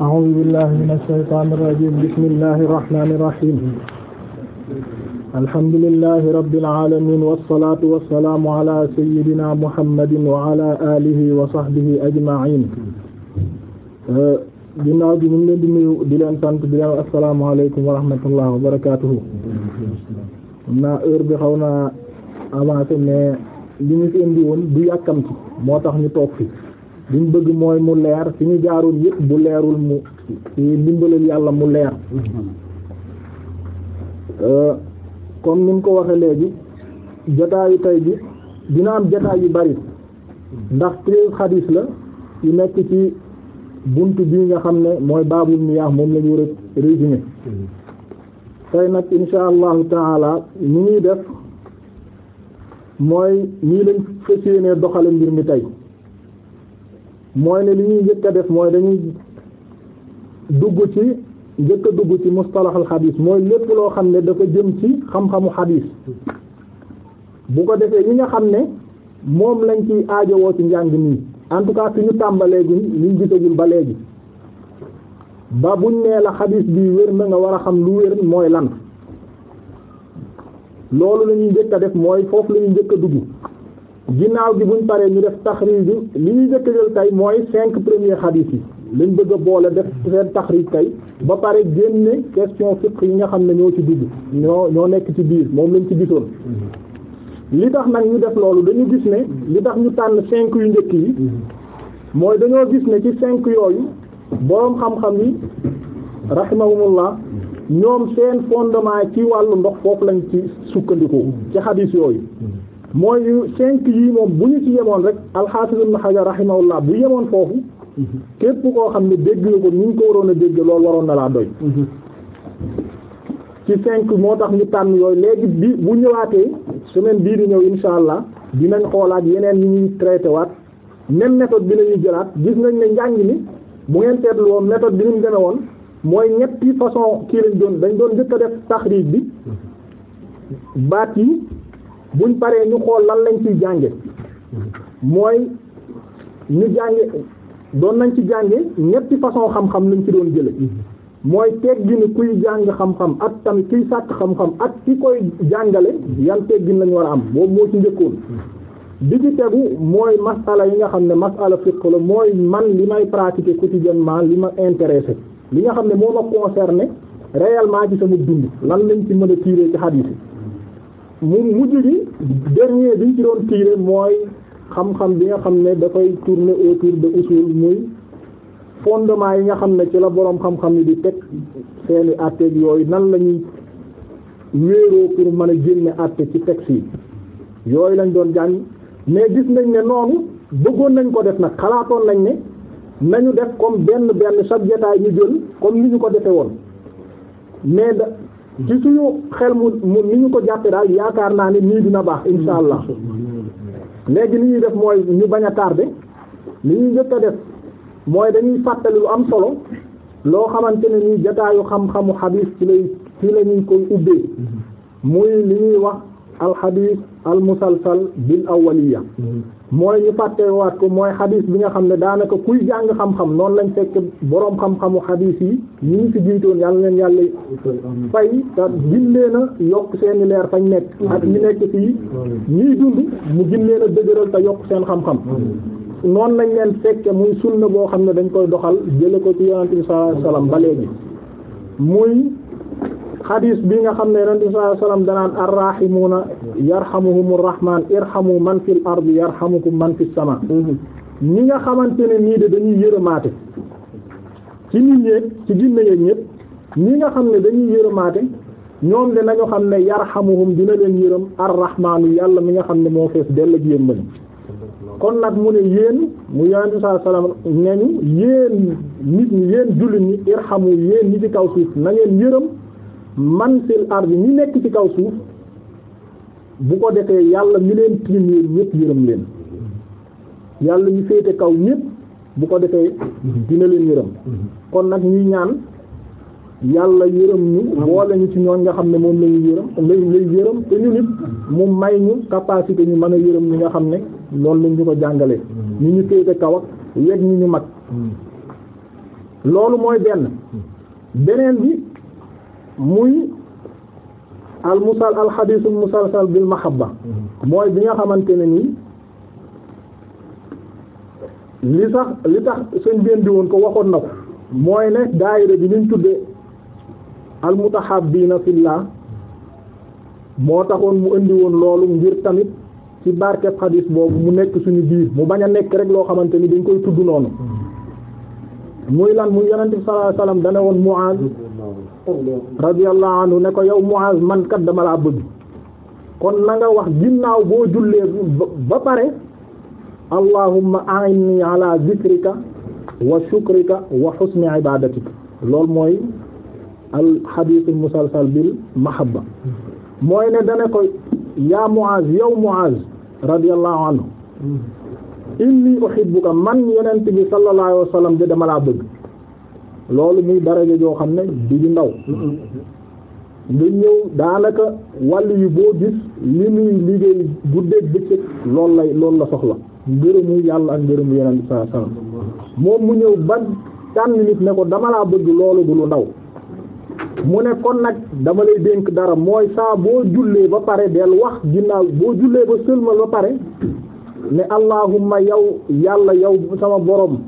أعوذ بالله من الشيطان الرجيم بسم الله الرحمن الرحيم الحمد لله رب العالمين والصلاة والسلام على سيدنا محمد وعلى آله وصحبه أجمعين ginnaaw bi ñu ngi leen di nuyu di leen sant di leen asalaamaaleykum wa rahmatullah wa barakaatuhu naa heure bi xaw naa avancé mais li ñu fi indi woon du yàkkamti moo tax ñu toog fi li bëgg mooy mu leer fi ñu jaarul yëpp bu leerul mu dimbalal yàlla mu leer euh, comme ni mu ko waxee léegi jotaayu tey bi dina am jotaay yu bari ndax treize xadiis la yu nekk ci bunt bi nga xam ne mooy baabul miyaax moom lañuy ñu war a tey nag insha allahu taala ni ñuy def mooy nii lañ fas yéenee doxale mbir mi tey mooy ne li ñuy njëkk a def mooy dañuy dugg ci jëkk dugg ci mustalaxal xadiis mooy lépp loo xam ne dafa jëm ci xam-xamu xadiis bu ko defee yi nga xam ne moom lañ ciy aajowoo ci njàng nii en tout cas fi ñu tàmbalee gi ñu gisagul ba léegi ba buñ nee la xadiis bi wér na nga war a xam lu wér mooy lan loolu lañuy ñuy njëkk def mooy foofu la ñuy njëkk a dugg ginnaaw gi buñ paree ñu def taxrij li ñuy njëkk jël tey mooy cinq premiers hadith yi lañ bëgg a boole def seen taxrij kay ba pare génne question fiqh yi nga xam ne ñoo ci dugg ñoo ñoo nekk ci biir moom lañ ci gisoon li tax nag ñu def loolu dañu gis ne li tax ñu tànn cinq yu njëkk yi mooy dañoo gis ne ci cinq yooyu boroom xam-xam yi rahimahumullah ñoom seen fondement ci wàllu ndox foofu lañ ci sukkandiku ci hadith yooyu mooy cinq yi moom bu ñu ci yemoon rek al-Hafiz Ibn Hajar rahimahullah bu yemoon foofu képp koo xam ne dégg nga ko ni ñu ko waroon a dégg loolu waroon na laa doy ci cinq moo tax ñu tànn yooyu léegi bi bu ñëwaatee semaine biir yi ñëw insha allah dinañ xoolaat yeneen yi ñuy traité waat même méthode bi lañuy jëlaat gis nañ ne njàng mi bu ngeen seetlu woon méthode bi ñu demee woon mooy ñetti façon kii lañ doon dañ doon njëkk a def taxriij bi baat yi buñ paree ñu xool lan lañ ciy jànge mooy ñu jànge doon nañ ci jànge ñetti façon xam-xam lañ ci doon jële mooy tegginu kuy jàng xam-xam ak tamit kuy sàkk xam-xam at ki koy jàngale yan teggin nañu war am boobu moo ci njëkkoon bi ci tegu mooy masala yi nga xam ne masala fiqh la mooy man li may pratiquer quotidiennement li ma intéressé li nga xam ne moo ma concerné réellement ci sama dund lan lañ ci mën a tirer ci hadith yi mu mujj gi dernier bi ñu ci doon tiire mooy xam-xam bi nga xam ne dafay tourner autour de usul muy fondement yi nga xam ne ci la boroom xam-xam yi di teg seeni atte yooyu nan la ñuy wéeroo pour mën a génne àtte ci texte yi yooyu lañ doon jàng mais gis nañ ne noonu bëggoon nañ ko def nag xalaatoon nañ ne nañu def comme benn benn chaque jotaay ñu jël comme ni ñu ko defe woon mais da ci suñu xel mu mu ni ñu ko jàppe daal yaakaar naa ne nii dina baax insha allah léegi li ñuy def mooy ñu bañ a tardé li ñuy jëkk def mooy dañuy fàttali lu am solo loo xamante ne nii jataayu xam-xamu xadiis ci lay ci la koy ubbee muy li ñuy wax alxadis almusalsal bil awwaliya mm-hmm. mooy ñu waat ko mooy xadis bi nga xam ne daanaka kuy jàng xam-xam noonu lañ fekk boroom xam-xamu xadis yi ñu ngi fi jiitoon yàlla leen yàlla fay te gillee na yokk seeni leer fañ nekk ak ñu nekk fii mm-hmm. ñuy dund mu gillee na dëgëral te yokk seen xam-xam mm-hmm. noonu lañ leen fekke muy sunna boo xam ne dañ koy doxal jële ko ci yonent bi sallallahu alayhi ba léegi muy xadiis bii nga xam ne yonente bi sallallahu alayhi wasallam danaan arrahimuuna yarhamuhumur rahmaan irhamu man fil ardi yarhamukum man fis sama mm-hmm. ñi nga xamante ne nii de dañuy yërëmaate ci nit ñéeg ci ginne yeeg ñépp ñi nga xam ne dañuy yërëmaate ñoom de nañu xam ne yarhamuhum dina leen yërëm arrahmaanu yàlla mi nga xam ne moo fees dell ak yéen mën kon nag mu ne yéen mu yonente bi sallallahu alayhi nañu yéen nit ñi yéen jullit ñi irhamu yéen ñi kaw suuf na yërëm man fil ardi ñu nekk ci kaw suuf bu ko defee yàlla mi leen tiim ñëpp yërëm leen yàlla ñu féete kaw ñëpp bu ko defee dina leen yërëm kon nag ñuy ñaan yàlla yërëm ñu boole ñu ci ñoon nga xam ne moom la ñu yërëm lay lay yërëm te ñu nit mu may ñu capacité ñu mën a yërëm ñi nga xam ne loolu lañ ñu ko jàngalee ñu ñu féete kaw ak ñu ñu mag mm. loolu mooy benn beneen bi muy al musal al xadiisul musalsal bil mahabba mm-hmm. mooy bi nga xamante ne nii li sax li tax sëñ bi indi woon ko waxoon na ko mooy ne daayira bi ñu tuddee al mutahabbiina fillah moo taxoon mu indi woon loolu ngir tamit ci barkeb xadiis boobu mu nekk suñu biir mu bañ a nekk rek loo xamante ni dañ koy tudd noonu mm-hmm. muy lan muy yonent bi sallallahu alayhi woon Muaz radiyallahu anhu ne ko yow Muaz man kat dama laa bëgg kon na nga wax ginnaaw boo jullee ba pare allahumma a'inni ala zikrika wa shukrika wa husni ibadatika loolu mooy al hadith al musalsal bil mahabba mooy ne dana ko yaa Muaz yow Muaz radiyallahu anhu hmm. inni uhibbuka man yonent bi sallallahu alayhi wa sallam di dama laa bëgg loolu muy daraja joo xam ne di ñu ndaw nga ñëw daanaka wàll yu boo gis li muy liggéey guddeeg bëccëg loolu lay loolu la soxla ngërëmu yàlla ak ngërëmu yeneen sa salaam moom mu ñëw ba tànn nit ne ko dama laa bëgg loolu du lu ndaw mu ne kon nag dama lay dénk dara mooy saa boo jullee ba pare del wax ginnaaw boo jullee ba sëlmal ba pare ne allahumma yow yàlla yow sama borom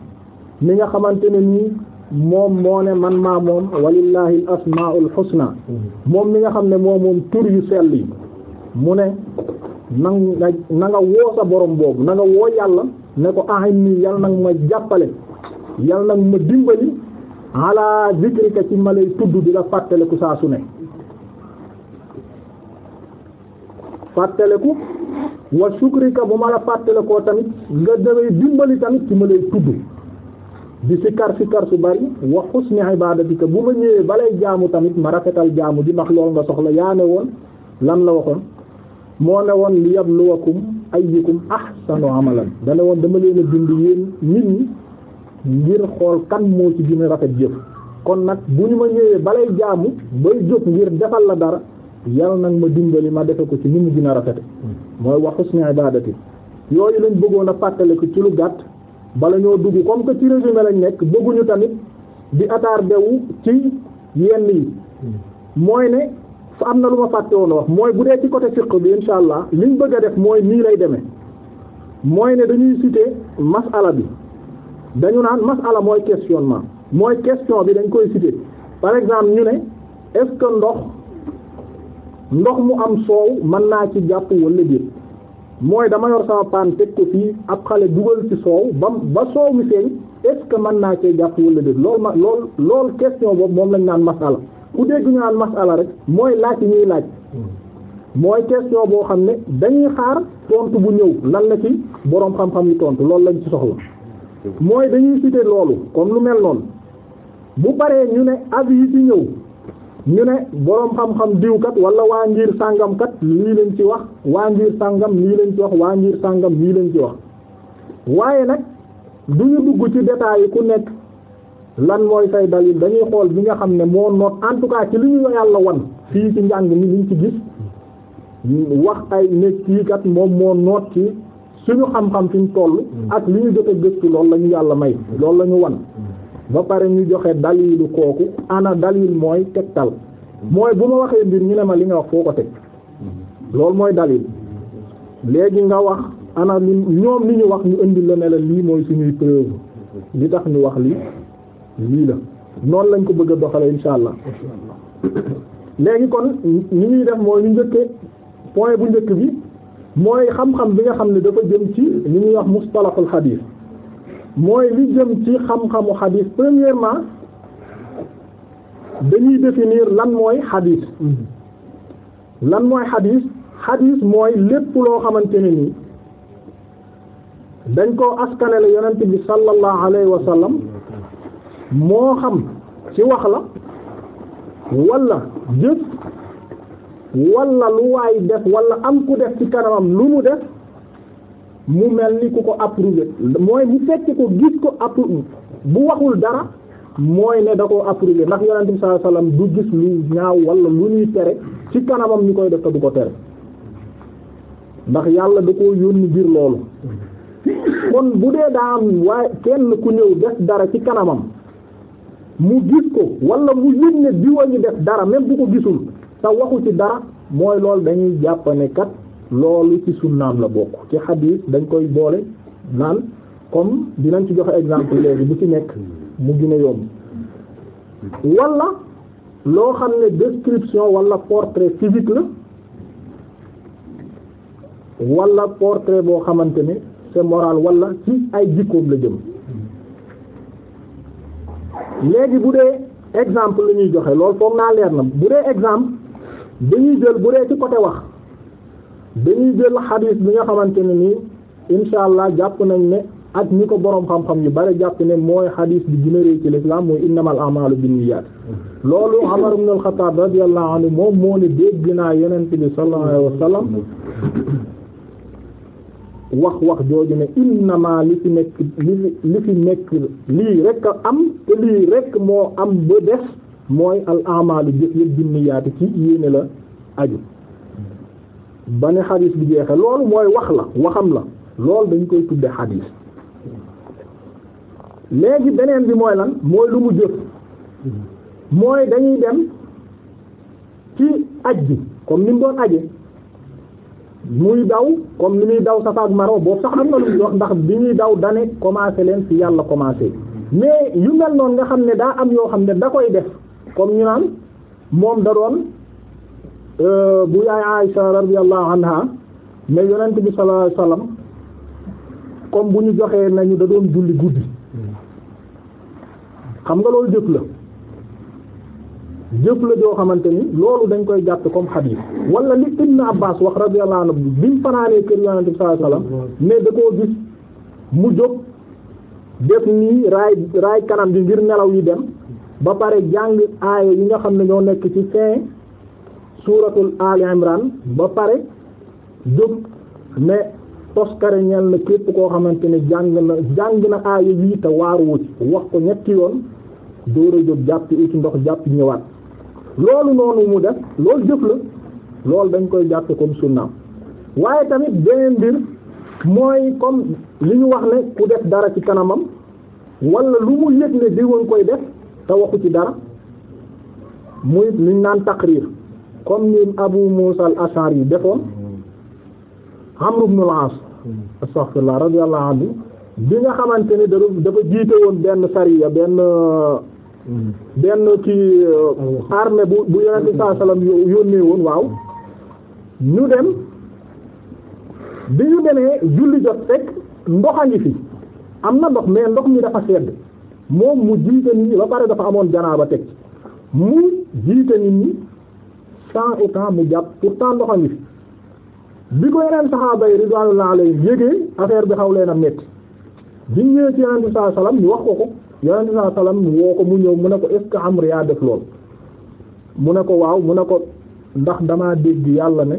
mi nga xamante nii moom moo ne man maa moom walillahi al asmaul mm-hmm. moom mi nga xam ne moo moom tur yu sell yi mu ne nang na nga woo sa borom boobu na woo yàlla ne ko ahin nii yàlla nag ma jàppale yàlla nag ma dimbali ala zikrika ci ma lay tudd di la fàttaleku saa su ne fàttaleku wa shukrika bu ma la fàttalekoo tamit nga daway dimbali tamit ci ma lay tudd di sikar sikar su bari wa husni ibadatika bu ma ñëwee balay jaamu tamit ma rafetal jaamu di ndax lool nga soxla yaa ne woon lan la waxoon moo ne woon li yabluwakum ayyukum ahsanu amalan da ne woon dama leen a bind yéen nit ñi ngir xool kan moo ci gën rafet jëf kon nag bu ñu ma ñëwee balay jaamu bay jóg ngir defal la dara yal nag ma dimbali ma defe ko ci ni mu gën a rafete mooy wa husni ibadati yooyu lañ bëggoon a fàttale ko ci lu gàtt bala ñoo dugg comme que ci résumé lañ nekk bëgguñu tamit di attardé wu ci yenn yi mooy ne fa am na lu ma fàtte woon wax mooy bu dee ci côté fiqh bi insha allah liñ bëgg a def mooy nii lay demee mooy ne dañuy citer mas'ala bi dañu naan mas'ala mooy questionnement mooy question bi dañ koy citer par exemple ñu ne est ndox ndox mu am soow man naa ci jàpp wala mooy dama yor sama paan teg ko fii ab xale dugal ci soow ba ba soow mi feeñ est que mën naa cee jàpp wala déet loolu ma lool lool question boobu moom lañ naan masala ku dégg ñu naan ala rek mooy laaj yi ñuy laaj mooy question boo xam ne dañuy xaar tontu bu ñëw lan la ci boroom xam-xam yi tontu loolu lañ ci soxla mooy dañuy citer loolu comme lu mel noonu bu baree ñu ne avis yi ci ñëw ñu ne boroom xam-xam diw kat wala waa ngir sàngam kat lii lañ ci wax waa ngir sàngam lii lañ ci wax waa ngir sàngam lii lañ ci wax waaye nag du ñu dugg ci détails yi ku nekk lan mooy say dalil dañuy xool bi nga xam ne moo noot en tout cas ci li ñu yàlla wan fii ci njàng mi liñ ci gis wax ay nekk kii kat moom moo noot ci suñu xam-xam fi mu toll mm. ak li ñu jot a gëstu loolu lañu yàlla may loolu lañu ñu wan ba pare ñu joxe dalilu kooku ana dalil mooy teg tal mooy bu ma waxee mbir ñi ne ma li nga wax foo ko teg loolu mooy dalil léegi nga wax ana li ñoom li ñu wax ñu indi la ne la lii mooy suñuy preuve li tax ñu wax li lii la noonu lañ ko bëgg a doxale insha allah léegi kon ñu ñuy def mooy ñu njëkke point bu njëkk bi mooy xam-xam bi nga xam ne dafa jëm ci ñu ñuy wax mustalahul hadith mooy li jëm ci xam-xamu xadis premièrement dañuy définir lan mooy xadis lan mooy xadis xadis mooy lépp loo xamante ne nii dañ koo askanale yonent bi sallallahu alayhi wa sallam moo xam ci wax la wala jëf wala lu waay def wala am ku def ci kanamam lu mu def mu mel ni ku ko approuvé mooy bu fekk ko gis ko approuvé bu waxul dara mooy ne da koo approuvé ndax yonent bi sallallahu alayhi wasallam du gis lu ñaaw wala lu ñuy tere ci kanamam ñu koy def te du ko tere ndax yàlla da koo yónni biir loolu kon bu dee daa am waaye kenn ku ñëw def dara ci kanamam mu gis ko wala mu yëg ne diwa ñu def dara même bu ko gisul te waxu ci dara mooy loolu dañuy jàpp ne kat loolu ci sunnaam la bokk ci xadiis dañ koy boole naan comme dinañ ci joxe exemple léegi bu ci nekk mu gën a yomb wala loo xam ne description wala portrait physique la wala portrait boo xamante ne c'est moral wala ci ay jikkoom la jëm léegi bu dee exemple lañuy joxe lool foog naa leer na bu dee exemple dañuy jël bu dee ci côté wax dañuy jël xadiis bi nga xamante ne nii insha allah jàpp nañ ne ak ñi ko boroom xam-xam yu bari jàpp ne mooy xadiis bi gën a rëy ci lislaam mooy innamal moom moo ne dégg naa yonent bi sallallahu wax wax jooju ne innama li fi nekk li li fi nekk lii rek a am te lii rek moo am ba def mooy al a'maalu jëf yëpp binniyaat ci yéene la aju ba ne xadis bi jeexe loolu mooy wax la waxam la loolu dañ koy tudde xadis léegi beneen bi mooy lan mooy lu mu jëf mooy dañuy dem ci aj bi comme ni mu doon aje muy daw comme ni muy daw Safa ak Marwa boobu sax xam nga lu wax ndax bi ñuy daw dane commencé leen ci yàlla commencé mais yu mel noonu nga xam ne daa am yoo xam ne da koy def comme ñu naan moom da doon Euh, bu yaay Aisha radiyallahu anha ne yonent bi sallallahu alayhi wasallam comme bu ñu joxee nañu da doon julli guddi xam nga loolu jëf la jëf la joo xamante ni loolu dañ koy jàpp comme xadiis wala li Ibn Abbas wax radiyallahu anhu bi mu fanaanee kër yonent bi sallallahu alayhi wasallam ne da koo gis mu jóg def nii raay raay kanam bi ngir nelaw yi dem ba pare jàng aaya yi nga xam ne ñoo nekk ci fin suuratul Ali Imran ba pare jóg ne toskare ñel na képp koo xamante ne jàng na jàng na aaya wii te waaruwu ci wax ko ñetti yoon dóora jóg jàpp ci ndox jàpp ñëwaat loolu noonu mu def loolu jëf la loolu dañ koy jàppe comme sunnaam waaye tamit beneen mbir mooy comme li ñu wax ne ku def dara ci kanamam wala lu mu yëg ne di woon koy def te waxu ci dara muy liñ naan taqrir comme ni Abu Musa al-Ash'ari defoon Amr ibn al-As astaghfirullah radiyallahu anhu bi nga xamante ni dafa jiite woon benn sariya benn benn ci armée bu bu yonent bi saa salaam yónnee woon waaw ñu dem bi ñu demee julli jot fekk ndox a ngi fi am na ndox mais ndox mi dafa sedd moom mu jiite nit ñi pare dafa amoon janaaba teg mu jiite nit ñi temps et temps mu jàpp pourtant ndoxam yi bi ko yeneen saxaaba yi ridwanullahi alayhim yégee affaire bi xaw leen a métti bi ñu ci yonent bi sallallahu alayhi wasallam wax ko ko yonent bi sallallahu alayhi wasallam woo ko mu ñëw mu ne ko est-ce def lool mu ne ko waaw mu ne ko ndax damaa dégg yàlla ne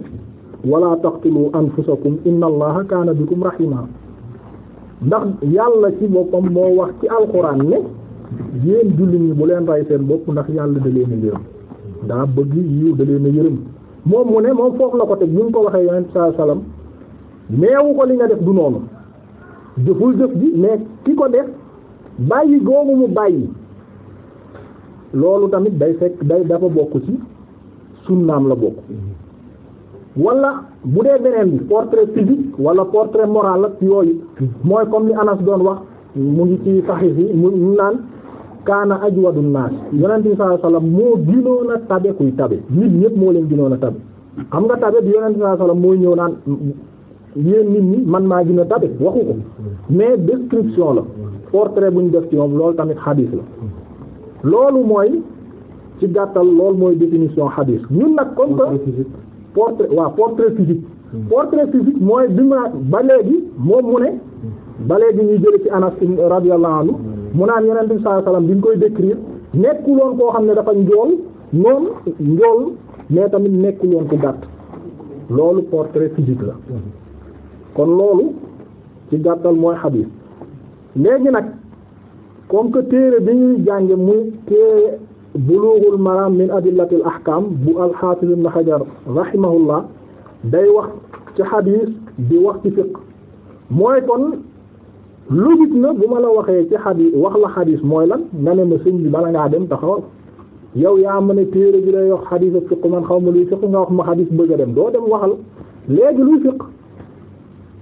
wala taqtulu anfusakum inna allaha kaana bikum rahima ndax yàlla ci boppam moo wax ci alxuraan ne yéen julli ñi bu leen rey seen bopp ndax yàlla da leen yërëm daa bëgg yiw da leen a yërëm moom mu ne moom foofu la ko teg ñu ko waxee yonent saa salaam neewu ko li nga def du noonu jëful jëf bi mais ki ko def bàyyi googu mu bàyyi loolu tamit day fekk day dafa bokk ci sunnaam la bokk wala bu dee beneen bi portrait physique wala portrait moral ak yooyu mooy comme ni Anas doon wax mu ngi ci saxi yi mu naan kaana ajwadu naas yonent bi sallallahu alayhi moo gënoon a tabe kuy tabe nit ñëpp moo leen gënoon a tabe xam nga tabe bi yonent bi sallallahu mooy ñëw naan yéen nit ñi man maa gën a tabe waxu ko mais description la portrait bu ñu def ci moom loolu tamit xadiis la loolu mooy ci gàttal lool mooy définition xadiis ñun nag comme que portrait waaw portrait physique portrait physique mooy bi ma ba léegi moom mu ne ba léegi ñuy jële ci Anas radiyallahu anhu mu naan yonent bi sallallahu alayhi bi ñu koy décrire nekkuloon koo xam ne dafa njool noon njool mais tamit nekkuloon ku gàtt loolu portrait physique la kon loolu ci gàttal mooy xadiis léegi nag comme que téere bi ñuy jànge muy téere bulughul maram min adillatil ahkam bu al-Hafiz ibn Hajar rahimahullah day wax ci xadiis di wax ci fiqh mooy kon logique na bu ma la waxee ci xadis wax la xadis mooy lan nga ne ma sëñ bi bala ngaa dem taxawal yow yaa ma ne téere bi lay wax xadis ak fiq man xaw ma luy fiq nga wax ma xadis bëgg a dem doo dem waxal léegi luy fiq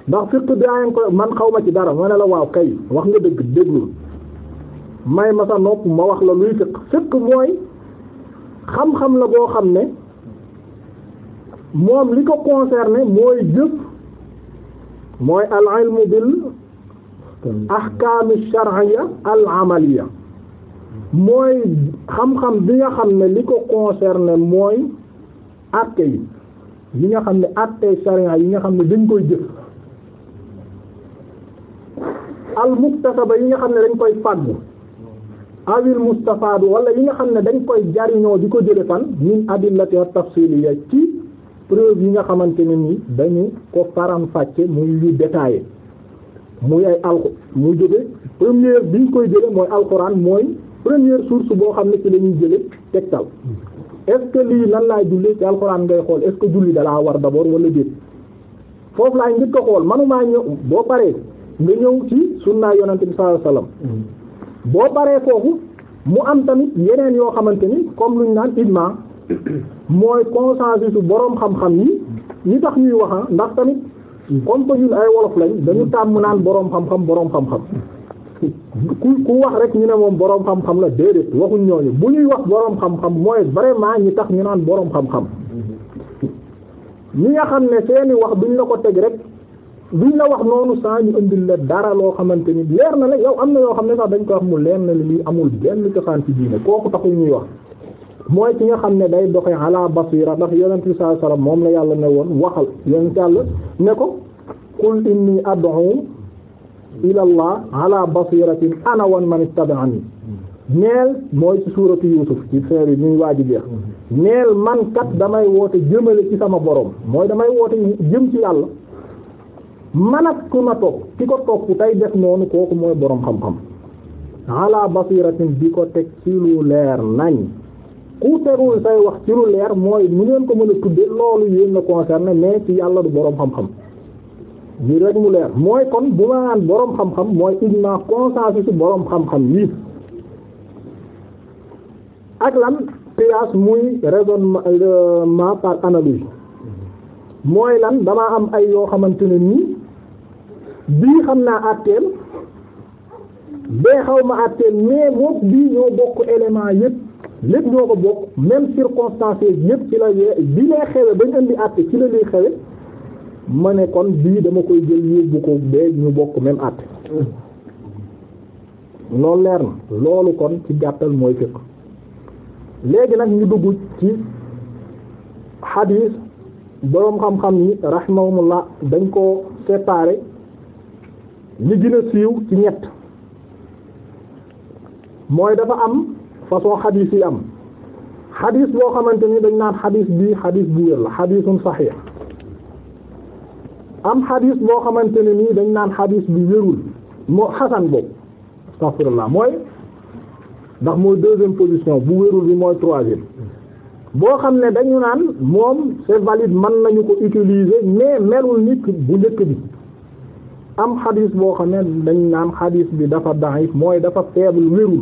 ndax fiq daayen ko man xaw ma ci dara ma ne la waaw kay wax nga dëgg déglul may ma sa nopp ma wax la luy fiq fiq mooy xam-xam la boo xam ne moom li ko concerné mooy jëf mooy al ilmu ahkaam shar'iyya al amaliyya mooy xam-xam bi nga xam ne li ko concerné mooy àtte yi yi nga xam ne àtte sharia yi nga xam ne dañ koy jëf al muktasaba yi nga xam ne dañ koy fàggu awil mustafaadu wala yi nga xam ne dañ koy jariñoo di ko jële fan min adillati tafsiliya ci preuve yi nga xamante ne ni dañu ko faram fàcce muy yu détaillé muy ay alqu mu jóge première bi ñu koy jële mooy alquran mooy première source boo xam ne ci la ñuy jële teg est-ce que lii nan laa julli ci alquran ngay xool est-ce que julli dalaa war d'abord wala déet foofu laay njëkk a xool manumaa ñëw boo paree nga ñëw ci sunna yonent bi sallallahu alayhi wasallam boo paree foofu mu am tamit yeneen yoo xamante ni comme luñ naan ijma mooy consensus su boroom xam-xam yi ñi tax ñuy waxa ah, ndax tamit kon que ñun ay wolof lañ dañu tàmm naan boroom xam-xam boroom xam-xam ku ku wax rek ñu ne moom boroom xam-xam la déedéet waxuñ ñooñu bu ñuy wax boroom xam-xam mooy vraiment ñi tax ñu naan boroom xam-xam ñi nga xam ne seeni wax duñ la ko teg rek duñ la wax noonu saa ñu indil la dara loo xamante ni leer na la yow am na yoo xam ne sax dañ ko wax mu leer na li lii amul benn cosaan ci diine kooku taxul ñuy wax mooy ki nga xam ne day doxee ala basira ndax yonent bi sallallahu alayhi moom la yàlla ne woon waxal yonent yàlla ne ko qul inni ad'u ila allah ala basiratin ana wa man ittaba'ani neel mooy ci suuratu Yuusuf ci feer yi ñuy waaji jeex neel man kat damay woote jëmale ci sama borom mooy damay woote jëm ci yàlla man ak ku ma topp ki ko topp tey def noonu kooku mooy borom xam-xam ala basiratin di ko teg ci lu leer nañ ku terul say wax ci lu leer mooy nu ngeen ko mën a tuddee loolu yéen na concerné mais ci yàlla du boroom xam-xam ñu rek mu leer mooy kon bu ma naan boroom xam-xam mooy ijma lan qiyaas euh, am ay yoo xamante ne nii bii xam naa àtteel bee xaw ma àtteel mais moom bii ñoo bokk élément yépp lépp ñoo ko bokk même circonstance yi yëpp ci la yee bi lay xewe bañ indi àtte ci la lay xewe ma ne kon bii dama koy jël yóbbu ko bee ñu bokk même àtte loolu leer na loolu kon ci gàttal mooy fiqh léegi nag ñu dugg ci xadiis boroom xam-xam yi la dañ ko séparé li gën a siiw ci ñett mooy dafa am façon xadis yi am xadis boo xamante ni dañ naan xadis bi xadis bu wér la xadisun saxiix am xadis boo xamante ne nii dañ naan xadis bi wérul moo xasan boobu astaghfirullah mooy ndax mooy deuxième position bu wérul bi mooy troisième boo xam ne dañu naan moom c'est valide mën nañu ko utiliser mais melul nit bu njëkk bi am xadis boo xam ne dañ naan xadis bi dafa daif mooy dafa faible wérul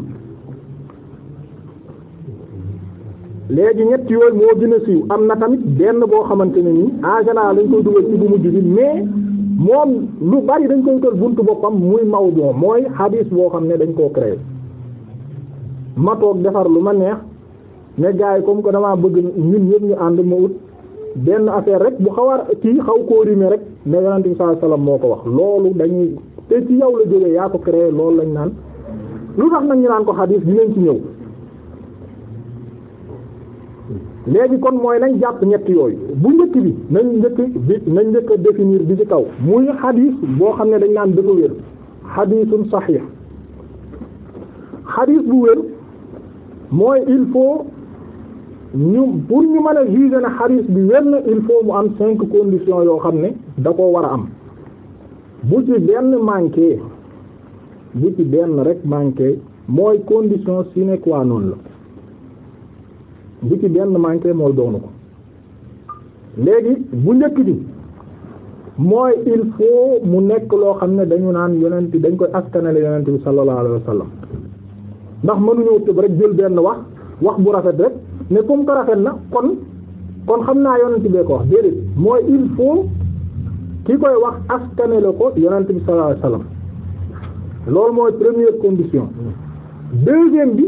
léegi ñett yooyu moo gën siiw am na tamit benn boo xamante ne nii en général dañ koy dugal ci bu mujj bi mais moom lu bari dañ koy dugal buntu boppam muy mawdu mooy hadis boo xam ne dañ koo créé ma toog defar lu ma neex ne gars yi comme que damaa bëgg ñun ñëpp ñu ànd ma ut benn affaire rek bu xaw a kii xaw koo rimé rek ne yonent bi moo ko wax loolu dañuy te ci yow la jógee yaa ko créé loolu lañ naan lu tax nag ñu naan ko hadis dinañ ci ñëw. léegi kon mooy nañ jàpp ñett yooyu bu njëkk bi nañ njëkk bi nañ njëkk a définir bi ci kaw muy xadiis boo xam ne dañ naan dafa wér xadiisun saxiix xadiis bu wér mooy il faut ñu pour ñu mën a juger na xadiis bi wér na il faut mu am cinq conditions yoo xam ne da ko war a am bu ci benn manqué bu ci benn rek manqué mooy condition sine qua non la bu ci benn manqué mool doonu ko léegi bu njëkk di mooy il faut mu nekk loo xam ne dañu naan yonent dañ koy askanale yonent bi sallallahu alayhi ndax mënuñoo tëb rek jël benn wax wax bu rafet rek ne comme que rafet na kon kon xam naa yonent bee ko wax déedéet mooy il faut ki koy wax askanale ko yonent bi sallallahu alayhi wa loolu mooy première condition deuxième bi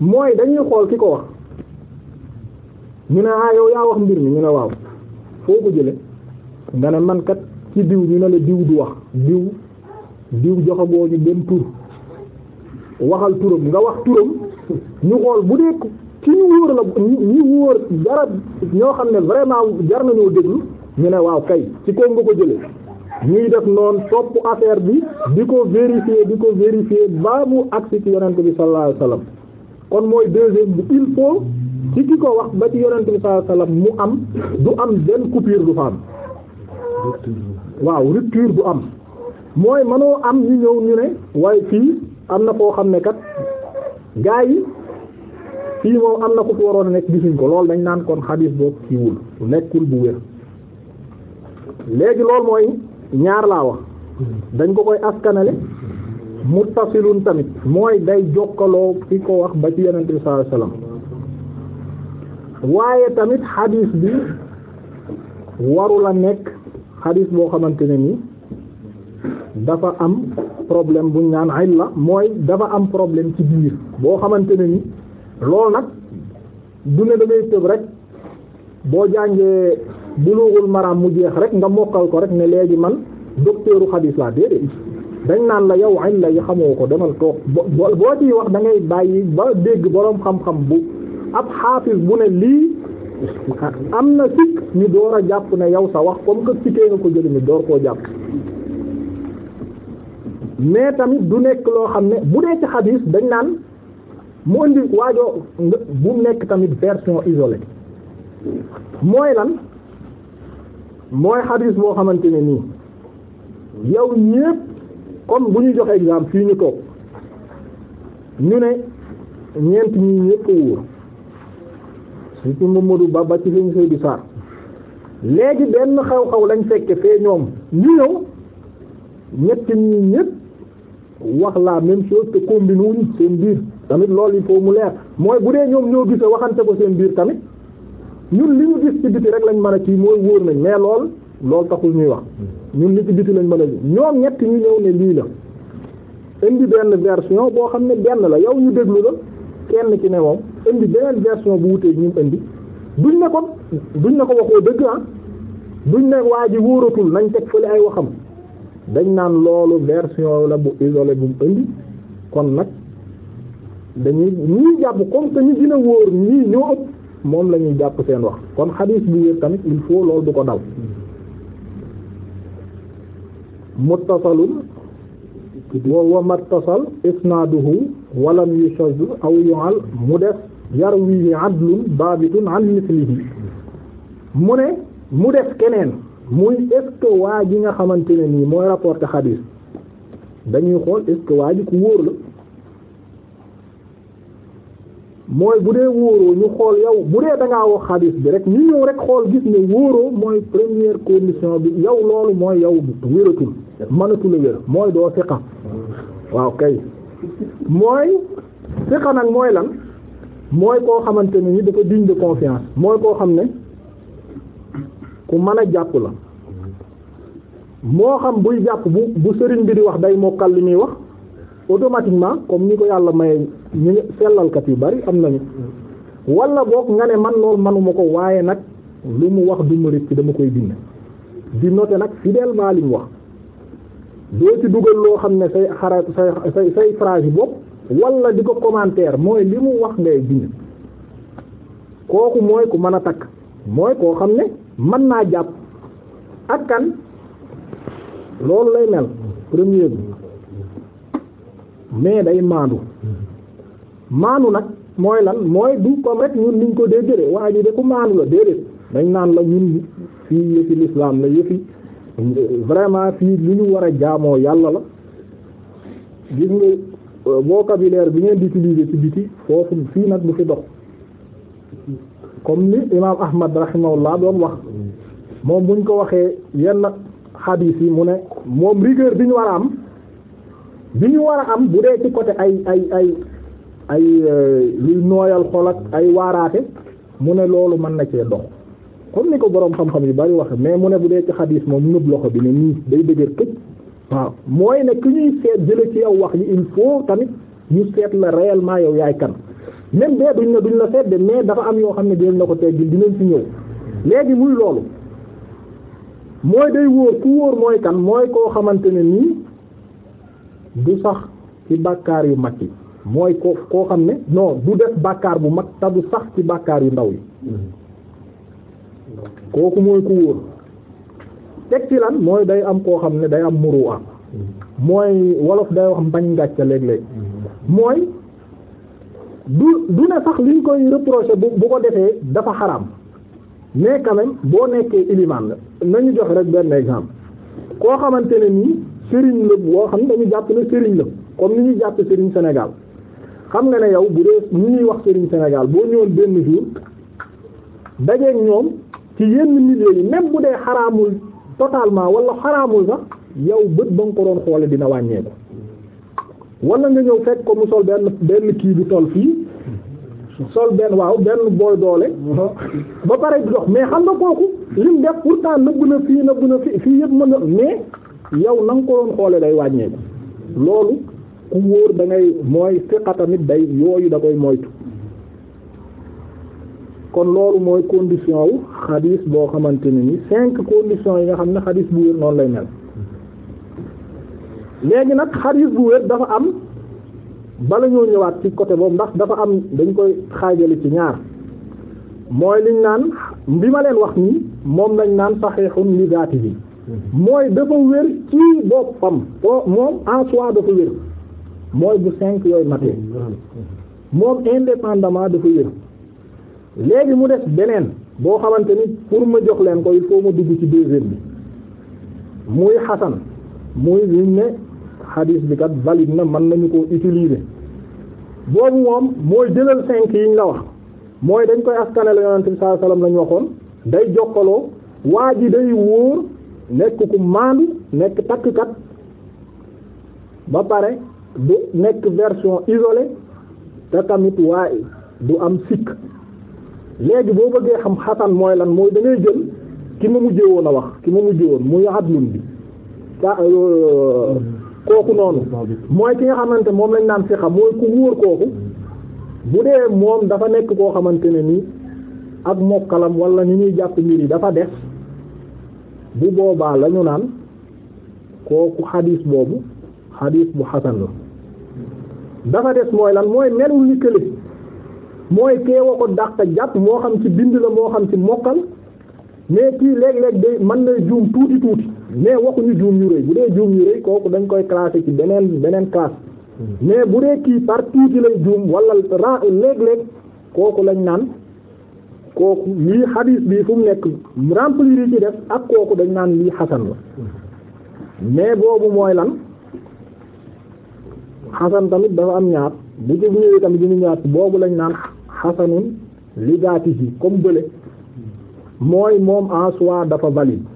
mooy dañuy xool ki ko wax ñu ne ah yow yaa wax mbir mi ñu ne waaw foo ko jële nga ne man ci diw ñu ne la diw du wax diw diw joxagoo ñu benn tur waxal turam nga wax turam ñu xool bu dee ci ñu wóor la ñu wóor dara ñoo xam ne vraiment jar nañoo déglu ñu ne waaw kay ci ko nga ko jële ñuy def noonu topp affaire bi di ko vérifier di ko vérifier ba mu agsi ci yonent bi sallallahu alayhi kon mooy deuxième bi il faut di ki ko wax ba ci yonent bi sallallahu alayhi wasallam mu am du am benn coupure du fa am waaw rupture du am mooy mënoo am ñu ñëw ñu ne waaye fii am na koo xam ne kat gaa yi fii moom am na ku fi waroon a nekk gisuñ ko loolu dañ naan kon xadiis boobu kiiwul nekkul bu wér léegi loolu mooy ñaar laa wax dañ ko koy askanale muttasilun tamit mooy day jokkaloo ki ko wax ba ci yonent bi sallallahu waaye tamit xadiis bi warul la nekk xadiis boo xamante ne ni dafa am problème bu ñu naan illa mooy dafa am problème ci biir boo xamante ne ni loolu nag du ne da tëb rek boo jàngee bulughul maraam mu jeex rek nga mokkal ko rek ne léegi man docteuru xadiis laa déedéet dañ naan la yow illa yi xamoo ko demal toog boo boo ciy wax dangay bàyyi ba dégg boroom xam-xam bu. ab xaafis bu ne lii am na sikk ñu door a jàpp na yow sa wax comme que cité nga ko jël ñu door koo jàpp mais tamit du nekk loo xam ne bu dee ci dañ naan mu indi waajoo bu nekk tamit version isolée mooy lan mooy xadis boo xamante ne nii yow ñépp comme bu ñu jox exemple fii ñu toog ñu ne ñeent ñi ñépp wóor ci Mamadou Ba ba ci sëñ Seydou Sarr léegi benn xew-xew lañ fekke fee ñoom ñu ñëw ñetti ñi ñëpp wax laa même chose te combine wuñ seen biir tamit lool il faut mu leer mooy bu dee ñoom ñoo gise waxante ko seen biir tamit ñun li ñu gis ci biti rek lañ mën a kii mooy wóor nañ mais lool loolu taxul ñuy wax ñun li ci biti lañ mën a ñoom ñett ñu ñëw ne lii la indi benn version boo xam ne benn la yow ñu déglu la kenn ki ne moom indi beneen version bu wuteeg ñu indi duñ ne ko duñ ne ko waxoo dëgg ah duñ ne waa ji wóoratul nañ teg fële ay waxam dañ naan loolu version la bu isolé bu mu indi kon nag dañuy ñuy jàpp comme que ñu gën wóor ñii ñoo ëpp moom lañuy ñuy jàpp seen wax kon xadiis bu wér tamit il faut loolu du ko dal muttasalun wa wa mattasal isnaaduhu walam yushaz aw mu def yarwihi adlun babitun an mislihi mu ne mu def keneen muy est-ce que ji nga xamante ne nii mooy rapporté xadiis dañuy xool est ji ku wóor la mooy bu dee wóoroo ñu xool yow bu dee da ngaa wax xadiis bi rek ñu ñëw rek xool gis ne wóoroo mooy première condition bi yow loolu mooy yow wératul mënatul a wér mooy doo siqa waaw kay mooy siqa nag mooy lan mooy koo xamante ne ni dafa digne de confiance mooy koo xam ne ku mën a jàpp la moo xam buy jàpp bu bu sëriñ bi di wax day mokkal lu muy wax automatiquement comme ni ko yàlla maye ñu ngi sellalkat yu bari am nañu wala boog nga ne man lool manuma ko waaye nag lu mu wax du ma rëcc dama koy bind di noter nag fidèlement li wax doo ci dugal loo xam ne say xara say say say bopp wala di ko commentaire mooy li mu wax ngay bind kooku mooy ku mën a takk mooy koo xam ne mën naa jàpp ak kan loolu lay mel premier bi mais day maandu maandu nag mooy lan mooy du comme rek ñun niñ ko déggee waa ji de ku maandu la déedéet dañ naan la ñun fii yëfi l'islam la yëfi vraiment fii li ñu war a jaamoo yàlla la gis nga vocabulaire bi ngeen di utiliser ci biti foofu fii nag bu fi dox comme ni imaam Ahmad rahimahullah doon wax moom buñ ko waxee yenn xadiis yi mu ne moom rigueur bi ñu war a am bi ñu war a am bu dee ci côté ay ay ay ay euh, luy nooyal xol ak ay waaraate mu ne loolu mën na cee dox comme ni ko boroom xam-xam yu bari waxe mais mu ne bu dee ci xadiis moom nëb loxo bi ne nii day dëgër këj waaw mooy ne ki ñuy seet jële ci yow wax yi il faut tamit ñu seet la réellement yow yaay kan même bee duñ ne duñ la sedd mais dafa am yoo xam ne jël na ko teggil dinañ ci ñëw léegi muy loolu mooy day wóor ku wóor mooy kan mooy koo xamante ne nii du sax ci bàkkaar yu mag yi mooy koo xam ne non du def bàkkaar bu mag te du sax ci bàkkaar yu ndaw yi mm-hmm. kooku mooy ku wóor teg ci mooy day am koo xam ne day am muruwa mooy wolof day wax mbañ gàcce léeg-léeg mooy du du ne sax liñ koy reprocher bu bu ko defee dafa xaraam mais quand boo nekkee ilimaan la nañu jox rek benn exemple koo xamante ne nii sëriñ la boo xam ne dañu jàpp ne sëriñ la comme ni ñuy jàpp sëriñ Sénégal xam nga ne yow bu dee ñu ñuy wax sëriñ senegal boo ñëwoon benn jour dajeeg ñoom ci yenn milieu yi même bu dee xaraamul totalement wala xaraamul sax yow bët ba nga ko doon xoole dina wàññeeku wala nga ñëw fekk ko mu sol benn benn kii bi toll fii sol benn waaw benn booy doole ba pare di dox mais xam nga kooku lim def pourtant nëbb na fii nëbb na fii fii yëpp mën na mais yow na nga ko doon xoole day wàññeeku loolu ku wóor da ngay mooy fiqa tamit day yooyu da koy moytu kon loolu mooy condition wu xadis boo xamante ne ni cinq conditions yi nga xam ne xadis bu wér noonu lay mel léegi nag xadis bu wér dafa am bala ñoo ñëwaat ci côté boobu ndax dafa am dañ koy xaajale ci ñaar mooy liñ naan bi ma leen wax nii moom lañ naan saxiixun li daati bi mooy dafa wér ci boppam foo moom en soi dafa wér mooy bu cinq yooyu matee moom indépendamment dafa wér léegi mu des beneen boo xamante ni pour ma jox leen ko il ma dugg ci deuxième bi muy xasan muy liñ ne xadiis bi kat valide na mën nañu ko utiliser boobu moom mooy jëlal cinq yiñ la wax mooy dañ koy askanale yonent bi sallallahu alayhi lañu waxoon day jokkaloo waa ji day wóor nekk ku maandu nekk takkat ba pare du nekk version isolée te tamit waaye du am sikk léegi boo bëggee xam xasan mooy lan mooy dangay ngay jël ki ma mujjee woon a wax ki ma mujjee woon muy adlun bi ca euh, kooku noonu mooy ki nga xamante moom lañ naan siqa mooy ku wóor kooku bu dee moom dafa nekk koo xamante ne nii ak mokkalam walla ñu ñuy jàpp mbir yi dafa des bu boobaa la naan kooku xadiis boobu xadiis bu xasan la dafa des mooy lan mooy melul ni kële mooy keewa ko dàq jàpp moo xam ci bind la moo xam ci mokkal mais kii léeg-léeg day mën na juum tuuti tuuti mais waxuñu juum ñu rëy bu dee juum ñu rëy kooku dañ koy classé ci beneen beneen classe mais bu dee kii par tuuti lay juum wala ra léeg-léeg kooku lañ naan kooku lii xadiis bi fu mu nekk remplir yi ci def ak kooku dañ naan lii xasan la mais boobu mooy lan xasan tamit dafa am ñaar bu ci ñëwee tamit ñu ñaar boobu lañ naan xasanun li zaatihi comme bële mooy moom en soi dafa valide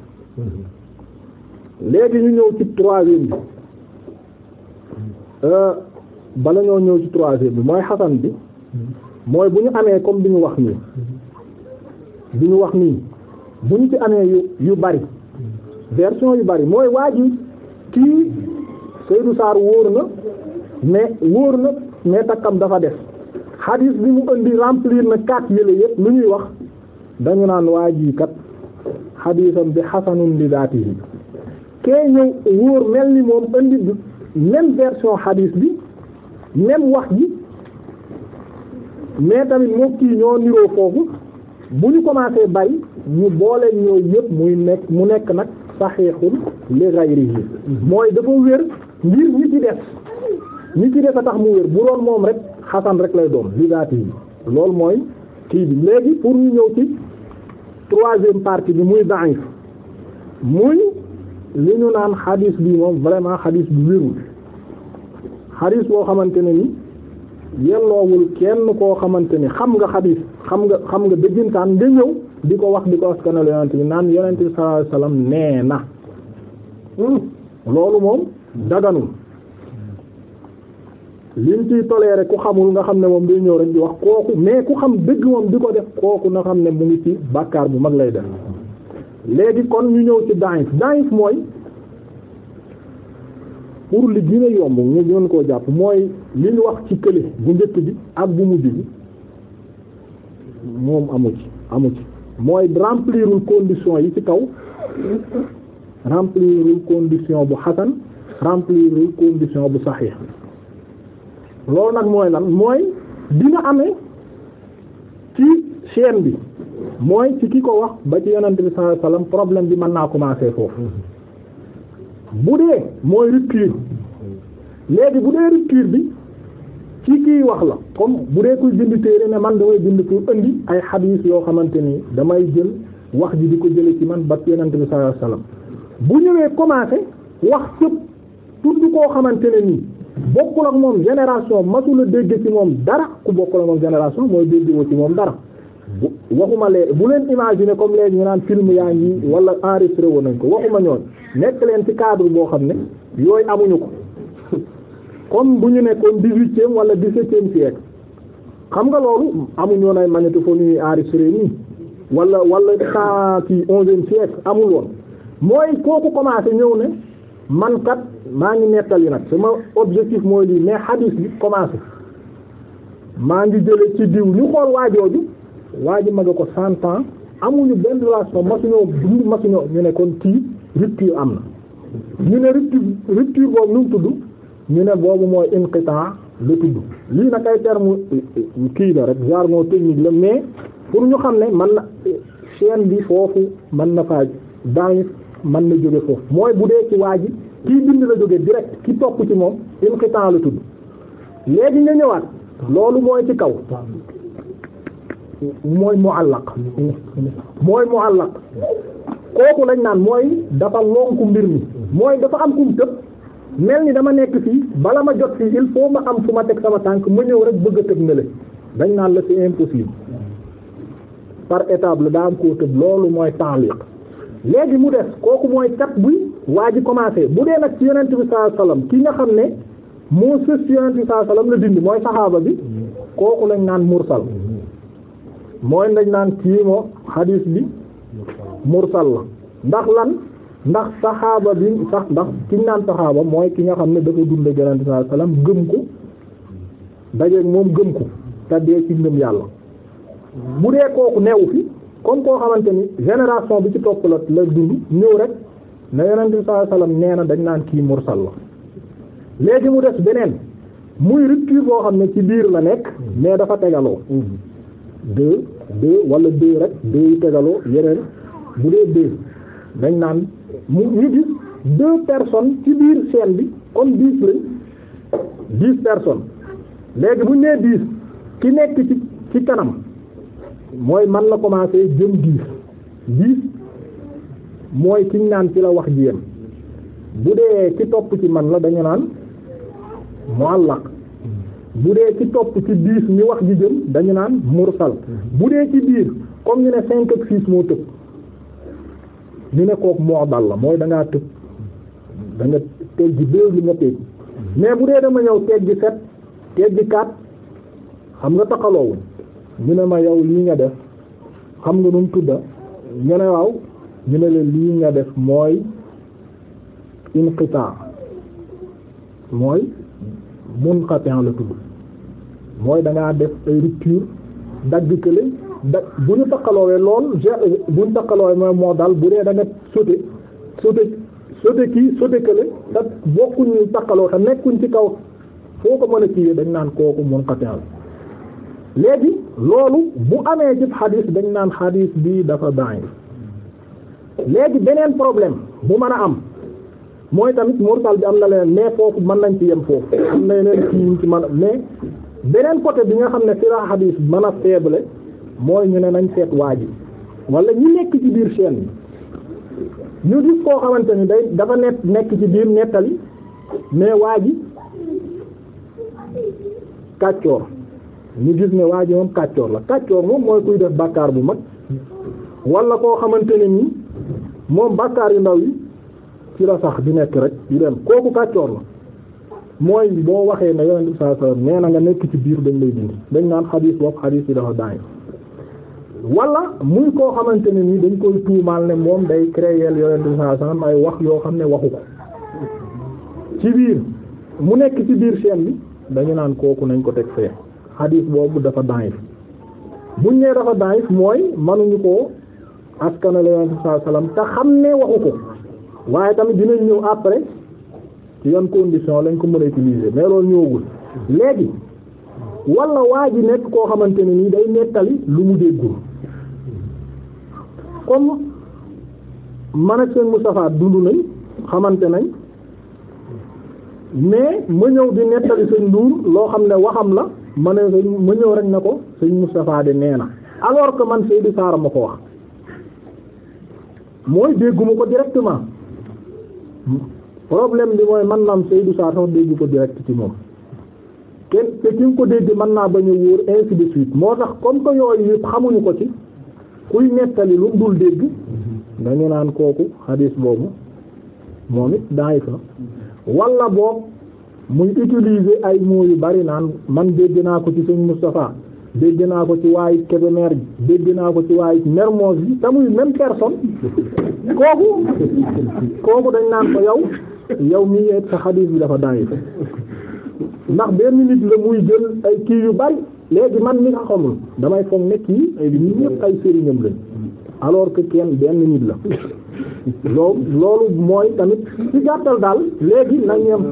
léegi ñu ñëw ci troisième bi euh, bala ñoo ñëw ci troisième bi mooy xasan bi mooy bu ñu amee comme bi ñu wax nii bi ñu wax nii bu ñu ci amee yu yu bari version yu bari mooy waa ji kii Seydou Sarr wóor na mais wóor na mais takkam dafa def xadis bi mu indi remplir na quatre yële yëpp lu ñuy wax dañu naan waa ji kat xadisam bi xasanun li yi kee ñëw wóor mel ni moom indi bi même version xadis bi même wax ji mais tamit moo kii ñoo niroo foofu bu ñu commencé bari ñu boole ñoo yëpp muy nekk mu nekk nag saxiixun li ghayrihi mooy dafa wér ngir ñi ci def ñi ci a tax mu wér bu doon moom rek xasan rek lay doom bisaati yi loolu mooy kii bi léegi pour ñu ñëw ci troisième partie bi muy da'if muy li ñu naan xadis bi moom vraiment xadis bi wérul xadis boo xamante ne ni yelloowul kenn koo xamante ni xam nga xadis xam nga xam nga dëggintaan nga ñëw di ko wax di ko askanal yonent bi naan yonent bi sallallahu alayhi nee na hmm. loolu moom daganul lim ciy toléré ku xamul nga xam ne moom day ñëw rek di wax kooku mais ku xam dëgg moom di ko def kooku na xam ne mu ngi ci bàkkaar bu mag lay def léegi kon ñu ñëw ci daif daif mooy pour li gën a yomb ñu gën koo jàpp mooy li wax ci kële bu njëkk bi ak bu mujj bi moom amu ci amu ci mooy remplirul condition yi ci kaw remplirul condition bu xasan remplirul condition bu saxiix loolu nag mooy lan mooy dina amee ci chaîne bi mooy ci ki ko wax ba ci yonent bi sallallahu problème bi man naa commencer foofu bu dee mooy rupture léegi bu dee rupture bi ci kii wax la comme bu dee kuy bind téere ne man damay bind pour indi ay xadiis yoo xamante ni damay jël wax ji di ko jële ci man ba ci yonent bi sallallahu bu ñëwee commencer wax sëpp tudd koo xamante ne nii bokkul ak moom génération a dégg ci moom dara ku bokkul ak moom génération mooy déggoo ci moom dara waxuma lee bu leen imaginer comme léegi ñu naan film yaa ngi wala enregistré woon nañ ko waxuma ñoon nekk leen ci cadre boo xam ne yooyu amuñu ko comme bu ñu nekkoon dix-huitième wala dix-septième siècle xam nga loolu amuñu woon ay magnétophone yu enregistré nii wala walla temps ci onzième siècle amul woon mooy kooku commencé ñëw ne man maa ngi nettali nag sama objectif mooy lii mais hadith bi maa ngi jële ci diw ñu xool waajooju waa ji mag a ko cent temps amuñu benn relation masuñoo ma masuñoo ñu ne kon kii rupture am na ñu ne rupture rupture boobu nu mu tudd ñu ne boobu mooy inqitan la tudd lii nag ay terme kii la rek jargon technique la mais pour ñu xam ne man na chaîne bi foofu man na faa daañu mën na jóge foofu mooy bu dee ci waa kii bind la jógee direct ki topp ci moom inqitan la tudd léegi nga ñëwaat loolu mooy ci kaw mooy muallaq mooy muallaq kooku lañ naan mooy dafa lonku mbir mi mooy dafa am kum tëb mel ni dama nekk fii bala ma jot fii il faut ma am fu ma teg sama tànk ma ñëw rek bëgg a tëb ne dañ naan la c'est impossible par étape la daa am koo tëb loolu mooy ta'liq léegi mu des kooku mooy kat buy waa ji commencé bu dee nag ci yonent bi sallallahu alayhi ki nga xam ne moo sës ci yonent bi sallallahu la dindi mooy saxaaba bi kooku lañ naan mursal mooy lañ naan kii moo xadiis bi mursal la ndax lan ndax saxaaba bi sax ndax kiñ naan saxaaba mooy ki nga xam ne dafa dund ak yonent bi sallallahu alayhi wasallam gëm ko dajeeg moom gëm ko te ci ngëm yàlla bu dee kooku newu fi comme koo xamante ni génération bi ci topp la la dund ñëw rek na yonent bi sallallahu alayhi wasallam nee na dañ naan kii mursal la léegi mu des beneen muy rupture boo xam ne ci biir la nekk mais dafa tegaloo deux deux wala deux rek deux yu tegaloo yeneen bu dee deux dañ naan mu ñu gis deux personnes ci biir seen bi comme dix lañ dix personnes léegi bu ñu nee dix ki nekk ci ci kanam mooy man la commencé jëm diis diis mooy ñu naan ci la wax ji yem bu dee ci topp ci man la dañu naan muallaq bu dee ci topp ci diis mi wax ji jëm dañu naan mursal bu dee ci biir comme ñu ne cinq ak six moo tëb ñu ne kook mu'dal la mooy dangaa tëb danga nga teggi deux li nga mais bu dee dama ñëw teggi sept teggi quatre xam nga taxaloo wuñ ñu ne ma yow lii nga def xam nga nu mu tudda ñu ne waaw ñu ne leen lii nga def mooy inqitaa mooy munqatin la tudd mooy dangaa def ay rupture dagg kële dag bu ñu takkaloowe lool bu ñu takkaloowe mooy moo dal bu dee da nga sauté sauté sauté kii sauté kële te bokkuñ ñu takkaloo te nekkuñ ci kaw foo ko mën a kii dañ naan kooku munqatin la léegi loolu bu amee ci xadis dañ naan xadis bii dafa da'if léegi beneen problème bu mën a am mooy tamit mursal bi am na leen mais foofu mën nañ ci yem foofu am na yeneen ci ci mën a mais beneen côté bi nga xam ne ci la xadis mën a faible mooy ñu ne nañ seet waa ji wala ñu nekk ci biir chaîne bi ñu gis koo xamante ni day dafa nekk nekk ci biir nettali mais waa ji kàccoor ñu gis ne waa ji kàccoor la kàccoor moom mooy kuy def bàkkaar bu mag wala koo xamante ne ni moom bàkkaar yu ndaw yi ci la sax di nekk rek di dem kooku kàccoor la mooy boo waxee ne yonent bi sallallahu alayhi wasallam na nga nekk ci biir dañ lay dindi dañ naan xadiis boobu xadiis bi dafa daay wala muy koo xamante ne ni dañ koy tuumaal ne moom day créer yonent bi sallallahu alayhi wasallam wax yoo xam ne waxu ko ci biir mu nekk ci biir chaîne bi dañu naan kooku nañ ko teg fee xadiis boobu dafa daif buñ nee dafa daif mooy mënuñu ko askanale yonent bi sallallahu te xam ne waxu ko waaye tamit dinañ ñëw après ci yan condition lañ ko mën a utiliser mais loolu ñëwagul léegi wala waa ji nekk koo xamante ne nii day nettali lu mu déggul comme man ak seen Moustapha dund nañ xamante nañ mais ma ñëw di nettali seen nduur loo xam ne waxam la ma ne ma ñëw rek na ko sëñ Moustapha de nee na alors que man Seydou Sarr ma ko wax mooy dégguma ko directement problème bi mooy man naam Seydou Sarr sax déggu ko direct ci moom kenn te ki nga ko dégg mën naa ba a wóor ainsi de suite moo tax comme ko yooyu yëpp xamuñu ko ci kuy nettali lu mu dul dégg dañu naan kooku xadis boobu moom it daay fa wala boog muy utiliser ay mots yu bari naan man dégg naa ko ci sëñ Moustapha dégg naa ko ci waayu Kébémer bi dégg naa ko ci waayu Mermoz bi te muy même personne kooku kooku dañ naan ko yow yow mi yeet sa xadiis bi dafa daayif ndax benn nit la muy jël ay kii yu bari léegi man mi nga xamul damay foog nekk yi ñëpp ay sëriñam lañ alors que kenn benn nit la loolu loolu mooy tamit ci gàttal daal léegi nañ ñem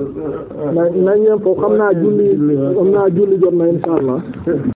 nañ ñem foofu xam naa julli xam naa julli jot na insha allah